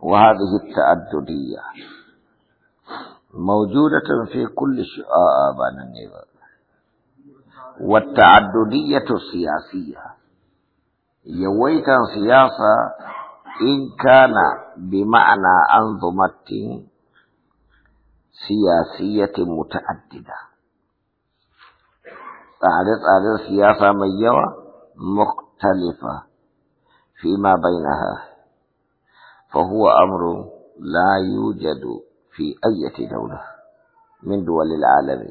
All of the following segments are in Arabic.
وهذه التعددية موجودة في كل شعبان النظام آه، آه، والتعددية السياسية يويتا سياسة إن كان بمعنى أنظمة سياسية متعددة أعرض أعرض سياسة ميوة مختلفة فيما بينها فهو أمر لا يوجد في أي دولة من دول العالم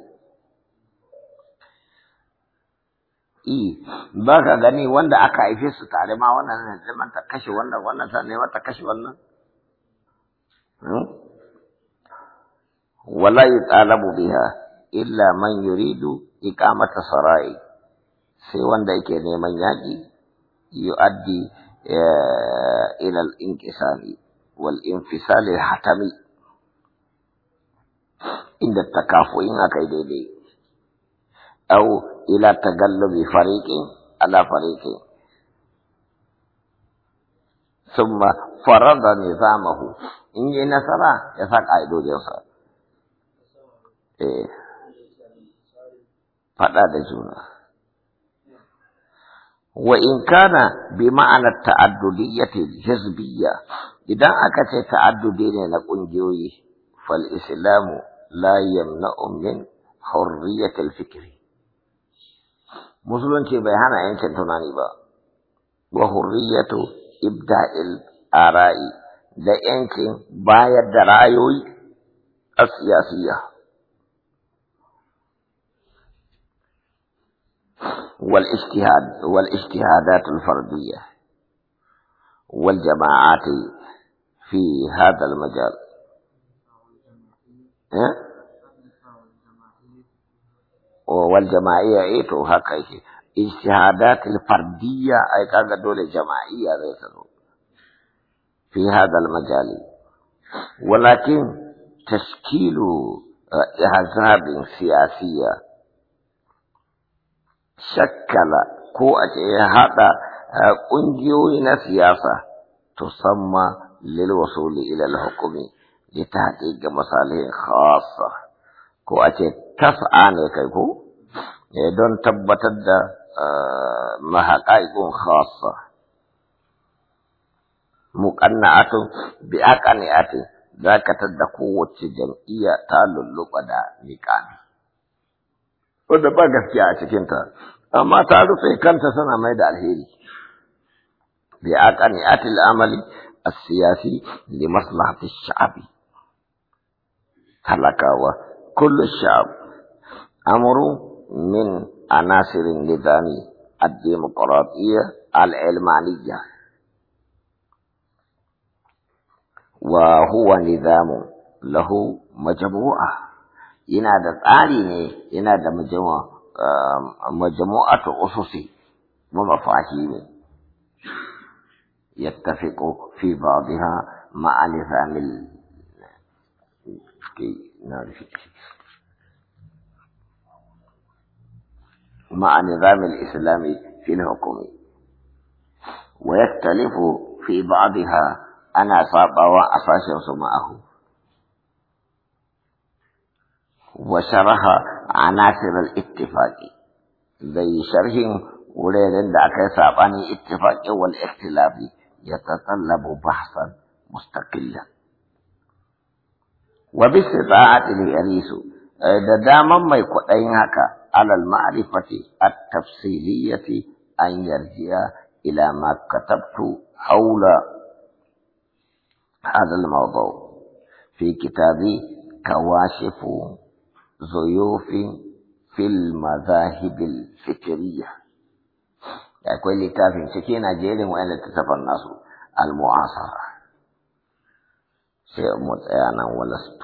إيه بقى غني وندا أكا إفيس تاري ما وانا زمان تكشي وانا وانا ثاني وانا تكشي وانا ولا يطالب بها إلا من يريد إقامة سرائي سي وندا نيمان يؤدي آه، إلى الانقسام والانفصال الحتمي عند التكافؤين كيديدي أو إلى تقلب فريق على فريق ثم فرض نظامه إن نصر يساق عيدو جنصر إيه فتا دجونا wa in kana bi ma'anar ta'addudiyyati jazbiyya idan aka ce ta'addudi ne na ƙungiyoyi. fal islamu la yamna'u min hurriyati alfikri musulunci bai hana yankin tunani ba wa hurriyatu ibda'i ara'i da yankin bayar da ra'ayoyi a siyasiyya والاجتهاد والاجتهادات الفردية والجماعات في هذا المجال إيه؟ والجماعية ايتو تو اجتهادات الفردية اي كاغا دول جماعية في هذا المجال ولكن تشكيل آه، أحزاب سياسية shakkala ko a ce ya haɗa ƙungiyoyi na siyasa tusamma lil wasuli ila al-hukumi ya ta haɗe ga masalihin khasa ko a ce tas'a ne kai ko eh, don tabbatar da mahaqaiqun khassa muqanna'atun bi aqani'ati zaka tadda kowace jam'iyya ta lulluɓa da miƙani wadda ba gaskiya a cikinta amma ta rufe kanta tana mai da alheri bi aqani atil amali as-siyasi li maslahati ash-sha'bi wa kullu sha'b amru min anasirin lidani عناصر النظام الديمقراطية العلمانية وهو نظام له مجموعة yana da tsari ne yana da majamu'atu ususi wa mafahimi yattafiqu fi ba'dha ma'a nizamil مع نظام hukumi wa yattalifu fi في ana sabawa صاب su معه وشرح عناصر الاتفاق زي شرح ولين دعك سابعني اتفاق والاختلاف يتطلب بحثا مستقلا وباستطاعة اليريس دداما ما يقولين على المعرفة التفصيلية أن يرجع إلى ما كتبت حول هذا الموضوع في كتابي كواشف ضيوف في المذاهب الفكرية يعني كل كاف سكينة جيدة وأنا تتبع الناس المعاصرة سيموت أنا ولست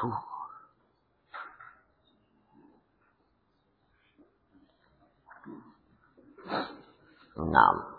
نعم